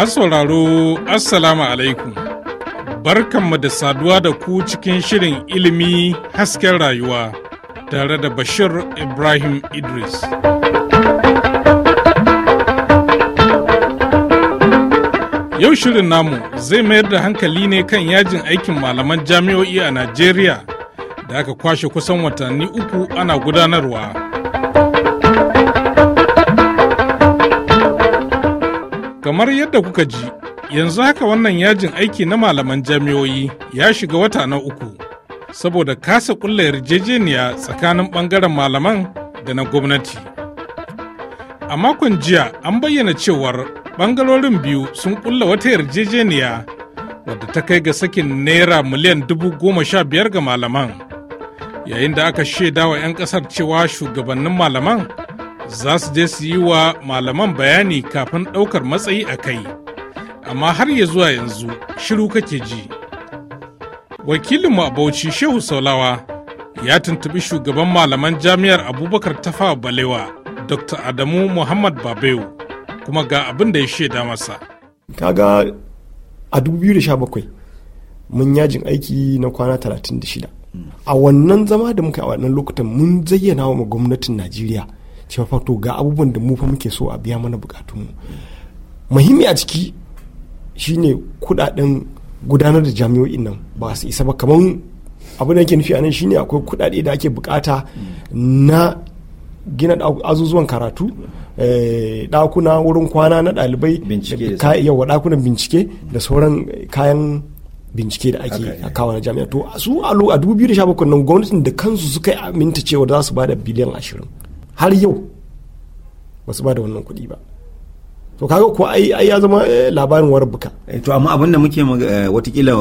Masauraro Assalamu alaikum. Barkanmu da saduwa da ku cikin shirin ilimi hasken rayuwa tare da Bashir Ibrahim Idris. Yau shirin namu zai mayar da hankali ne kan yajin aikin malaman jami'o'i a Najeriya da aka kwashe kusan watanni uku ana gudanarwa. Kamar yadda kuka ji, yanzu haka wannan yajin aiki na malaman jami'oyi ya shiga wata na uku, saboda kasa ƙulla yarjejeniya tsakanin ɓangaren malaman da na gwamnati. A makon jiya an bayyana cewar ɓangarorin biyu sun ƙulla wata yarjejeniya wadda ta kai ga sakin naira miliyan dubu goma sha biyar ga malaman. Yayin da aka shaidawa 'yan ƙasar cewa shugabannin malaman za su je su yi wa malaman bayani kafin ɗaukar matsayi a kai amma har ya zuwa yanzu shiru kake ji wakilinmu a bauchi shehu saulawa ya tuntubi shugaban malaman jami'ar abubakar tafa balewa dr adamu muhammad babeu kuma ga abin da ya shaida masa kaga a 2017 mun yajin aiki na kwana 36 a wannan zama da muka a wannan lokutan mun zayyana wa gwamnatin najeriya cewa fato ga abubuwan da mu fa muke so a biya mana mu muhimmi a ciki shine kudaden gudanar da jami'o'in nan ba su isa ba kamar abin da yake nufi anan shine akwai kudade da ake bukata na gina azuzuwan karatu dakuna eh, wurin kwana na dalibai yawa dakunan bincike da sauran kayan bincike da ake a kawo na jami'a to su a 2017 nan gwamnatin da kansu suka aminta cewa za su bada biliyan ashirin har yau ba su ba da wannan kuɗi ba to kaga ko ai ai ya zama eh, labarin warbuka eh, to amma abinda muke eh, watakila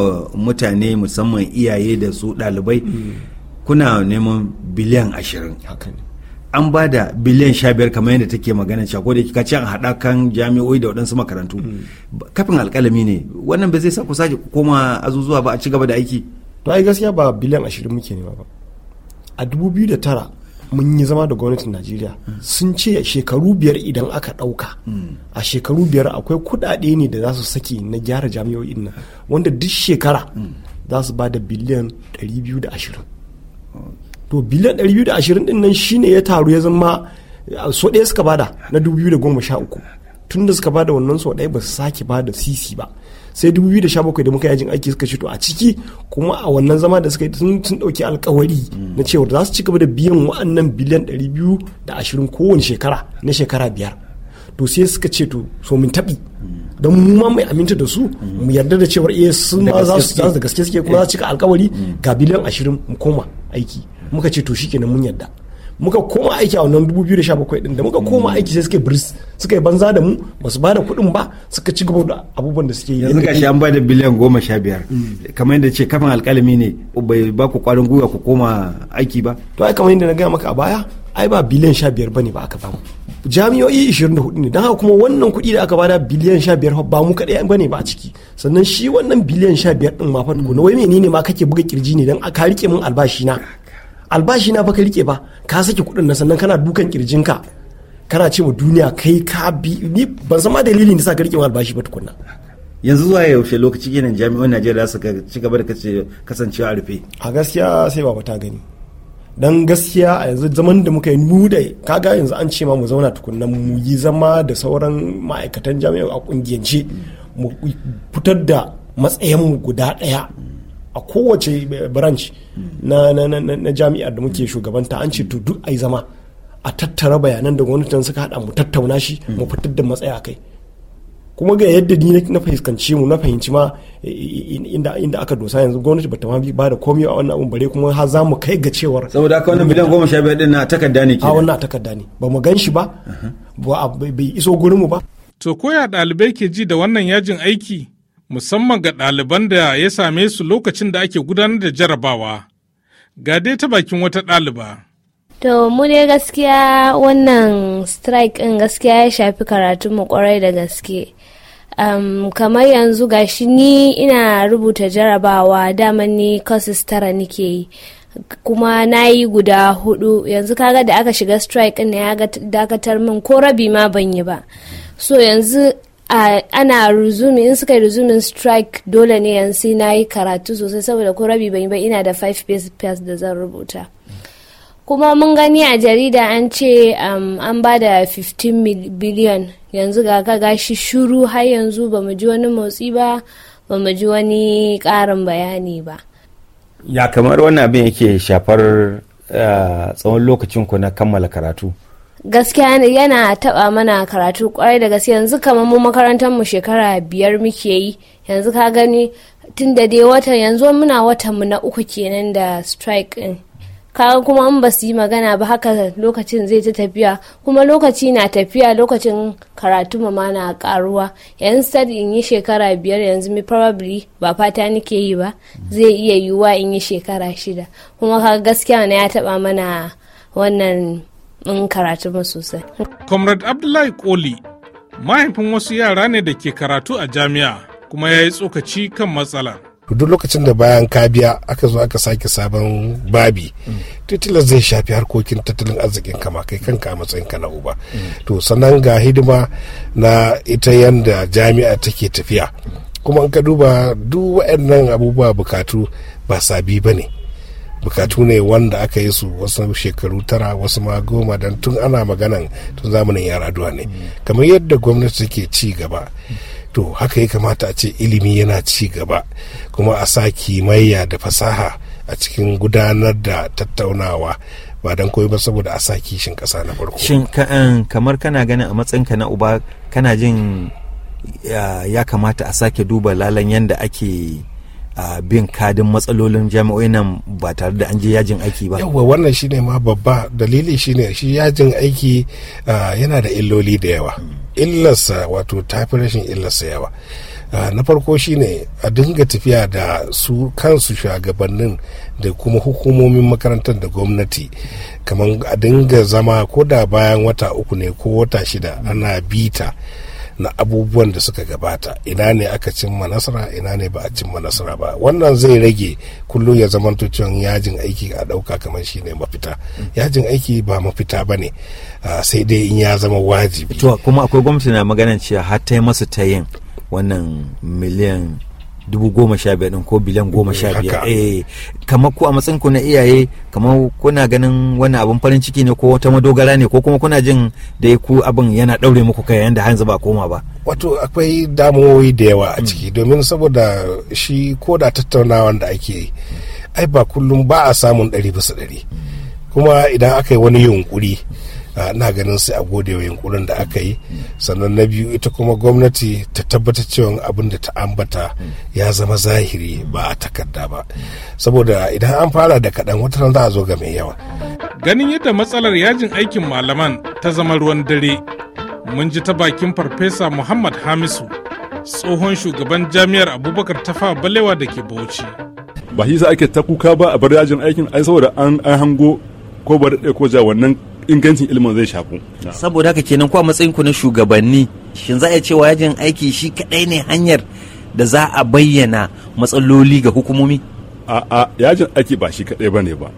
mutane musamman iyaye da su ɗalibai hmm. kuna neman biliyan ashirin an ba da biliyan sha biyar kamar yadda take magana cewa ko da kika ce an haɗa kan jami'oi da waɗansu makarantu hmm. kafin alƙalami ne wannan ba zai sa ku sake koma azuzuwa ba a ci gaba da aiki to ai gaskiya ba biliyan ashirin muke nema ba a dubu biyu da tara mun yi zama da gwamnatin najeriya sun ce shekaru biyar idan aka ɗauka a shekaru biyar akwai kudade ne da za su saki na gyara jami'o'in nan wanda duk shekara za su ba da biliyan 220 to biliyan 220 din nan shine ya taru ya zama so ɗaya suka bada na 2013 tun da suka bada wannan so ɗaya ba su sake bada sisi ba sai 2017 da muka yajin aiki suka shito a ciki kuma a wannan zama da suka yi sun dauki alkawari na cewa za su ci gaba da biyan wa'annan biliyan 220 kowane shekara na shekara biyar to sai suka ce to so min taɓi don mu ma mai aminta da su mu yarda da cewar eh sun za su da gaske suke kuma za su cika alkawari mm. ga biliyan ashirin mu koma aiki muka ce to shikenan mun yarda muka koma aiki a wannan 2017 din da muka koma hmm. aiki sai suka bris suka yi banza da mu ba su bada kuɗin ba suka ci gaba da abubuwan da suke yi yanzu gashi an bada biliyan goma sha biyar hmm. kamar yadda ce kafin alkalami ne bai ba ku kwarin gwiwa ku koma aiki ba to ai kamar yadda na gaya maka a baya ai ba biliyan sha biyar bane ba aka mu jami'o'i 24 ne don haka kuma wannan kuɗi da aka bada biliyan sha biyar ba mu kaɗai ba ne ba a ciki sannan shi wannan biliyan sha biyar ɗin ma fa na wai menene ma kake buga kirji ne don ka rike min albashi na albashi na baka rike ba ka sake kuɗin nan sannan kana dukan ka kana ce wa duniya kai ka bi ni ban san ma dalilin da sa ka rike albashi ba tukunna yanzu zuwa yaushe lokaci kenan jami'an Najeriya su ci gaba da kasancewa a rufe a gaskiya sai baba ta gani dan gaskiya a yanzu zaman da muka yi mu da kaga yanzu an ce ma mu zauna tukunna mu yi zama da sauran ma'aikatan jami'a a kungiyance mu fitar da matsayin mu guda ɗaya a kowace eh, branch na, na, na, na jami'ar da muke shugabanta an ce to duk ai zama a tattara bayanan da gwamnatin suka hada mu tattauna shi mu fitar da matsaya kai kuma ga yadda ni na fahimci mu na fahimci ma eh, eh, inda inda aka dosa yanzu gwamnati bata ma ba da komai a wannan abun bare kuma har za mu kai ga cewar saboda haka wannan miliyan goma sha biyar din na takarda ne ke a wannan takarda ne ba mu gan shi ba ba bai iso gurin mu ba to koya ɗalibai ke ji da wannan yajin aiki musamman ga ɗaliban da ya same su lokacin da ake gudanar da jarabawa. Ga dai ta bakin wata ɗaliba. To mu dai gaskiya wannan strike ɗin gaskiya ya shafi mu kwarai da gaske. Um, kamar yanzu gashi ni ina rubuta jarabawa daman ni courses tara nike yi kuma na yi guda hudu yanzu kaga da aka shiga strike ɗin ya dakatar min ko rabi ma ban yi ba so yanzu uh, ana ruzumi in suka yi ruzumin strike dole ne yanzu na yi karatu sosai saboda ko rabi ban yi ba ina da 5 page page da zan rubuta kuma mun gani a jarida an ce um, an ba da 15 biliyan yanzu ga ka gashi shuru har yanzu ba mu ji wani motsi ba ba mu ji wani karin bayani ba ya kamar wannan abin yake shafar eh, tsawon lokacin ku na kammala karatu gaskiya yana taba mana karatu kwarai da gaske yanzu kamar mu makarantar mu shekara biyar muke yi yanzu ka gani tun da dai watan yanzu muna watan mu na uku kenan da strike in kaga kuma in ba su yi magana ba haka lokacin zai ta tafiya kuma lokaci na tafiya lokacin karatu ma na karuwa yanzu sad in yi shekara biyar yanzu mi probably ba fata nike yi ba zai iya yiwuwa in yi shekara shida kuma kaga gaskiya na ya taba mana wannan in karatu ba sosai. Comrade Abdullahi Koli mahaifin wasu yara ne da ke karatu a jami'a kuma ya yi tsokaci kan matsala. duk lokacin da bayan ka biya aka zo aka sake sabon babi titilar zai shafi harkokin tattalin arzikin kama kai kanka a matsayin ka na uba to sannan ga hidima na ita yanda jami'a take tafiya kuma in ka duba duk waɗannan abubuwa bukatu ba sabi ba ne bukatu ne wanda aka yi su wasu shekaru tara wasu ma goma don tun ana maganan tun zamanin yara ne kamar yadda gwamnati take ci gaba to haka ya kamata a ce ilimi yana ci gaba kuma a sa kimayya da fasaha a cikin gudanar da tattaunawa ba don koyi ba saboda a sa kishin kasa na farko shin eh, kamar kana ganin a matsayinka na uba kana jin ya kamata a sake duba lalan yadda ake a bin kadin matsalolin jami'o'in nan ba tare da an je yajin aiki ba yawwa wannan shine ma babba dalili shine shi yajin aiki yana da illoli da yawa illarsa wato tafi rashin illarsa yawa na farko shine a dinga tafiya da su kansu shugabannin da kuma hukumomin makarantar da gwamnati kamar a dinga zama ko da bayan wata uku ne ko wata shida ana bita na abubuwan da suka gabata ina ne aka cimma nasara ina ne ba a cimma nasara ba wannan zai rage kullum ya zama cewa yajin aiki a ɗauka kamar shi ne mafita yajin aiki ba mafita ba ne sai dai in ya zama wajibi to kuma akwai gwamnati na maganar cewa har ta yi masu ta yin wannan miliyan dubu goma sha biyar ɗin ko biliyan goma sha biyar eh kamar ku a matsayin ku na iyaye kamar kuna ganin wani abin farin ciki ne ko wata madogara ne ko kuma kuna jin da ku abin yana ɗaure muku kai yanda hanzu ba koma ba wato akwai damuwoyi da yawa a hmm. ciki domin saboda shi ko da tattaunawa da ake yi ai ba kullum ba a samun ɗari bisa ɗari kuma idan aka yi wani yunkuri Ah, na ganin sai a gode wa yunkurin da aka yi sannan na biyu ita kuma gwamnati ta tabbatar cewa abin da ta ambata ya zama zahiri ba a takarda ba saboda idan an fara da kaɗan wata za a zo ga mai yawa ganin yadda matsalar yajin aikin malaman ta zama ruwan dare mun ji ta bakin farfesa muhammad hamisu tsohon shugaban jami'ar abubakar tafa balewa da ke bauchi ba shi ake ta kuka ba a bar yajin aikin ai saboda an hango ko ba ko ja wannan ingancin ilimin zai shafu saboda haka kenan kuwa matsayin ku na shugabanni shin za a cewa yajin aiki shi kadai ne hanyar da za a bayyana matsaloli ga hukumomi a'a yajin aiki ba shi kadai bane ba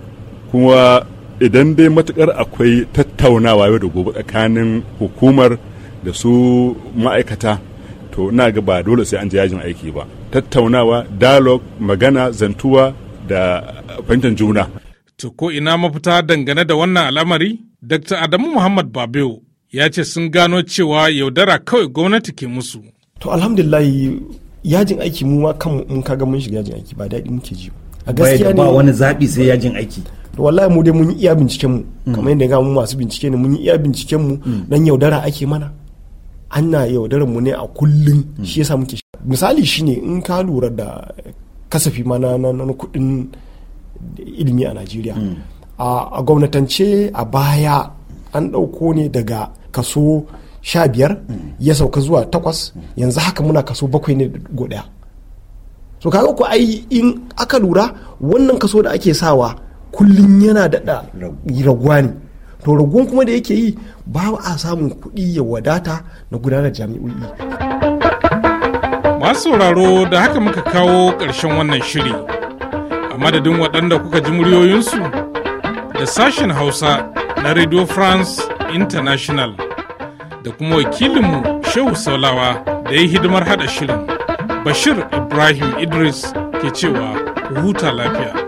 kuma idan dai matukar akwai tattaunawa yau da gobe tsakanin hukumar da su ma'aikata to ina ga ba dole sai an je yajin aiki ba tattaunawa dialogue magana zantuwa da fahimtar juna to ko ina mafita dangane da wannan al'amari Dr. Adamu Muhammad Babeo ya ce sun gano cewa yaudara kawai gwamnati ke musu. To alhamdulillahi yajin aiki mu ma kan mun kaga mun shiga yajin aiki ba daɗi muke ji. A gaskiya ne ba wani zaɓi sai yajin aiki. To wallahi mu dai mun yi iya binciken mu mm. kamar yadda ga mu masu bincike ne mun yi iya binciken mu mm. dan yaudara ake mana. An na yaudarar mu ne a kullum mm. shi yasa muke misali shine in ka lura da kasafi ma na kuɗin ilimi a Najeriya. a gwamnatance a baya an ɗauko ne daga kaso sha biyar ya sauka zuwa takwas yanzu haka muna kaso bakwai ne ɗaya so kaga ku ai in aka lura wannan kaso da ake sawa kullum yana daɗa raguwa ne to raguwan kuma da yake yi ba a samun kuɗi ya wadata na gudanar jami'o'i masu sauraro da haka muka kawo ƙarshen wannan shiri a madadin waɗanda kuka ji muryoyinsu da sashen Hausa na Radio France International da kuma wakilinmu Shehu Saulawa da ya hidimar hada shirin. Bashir Ibrahim Idris ke cewa huta lafiya.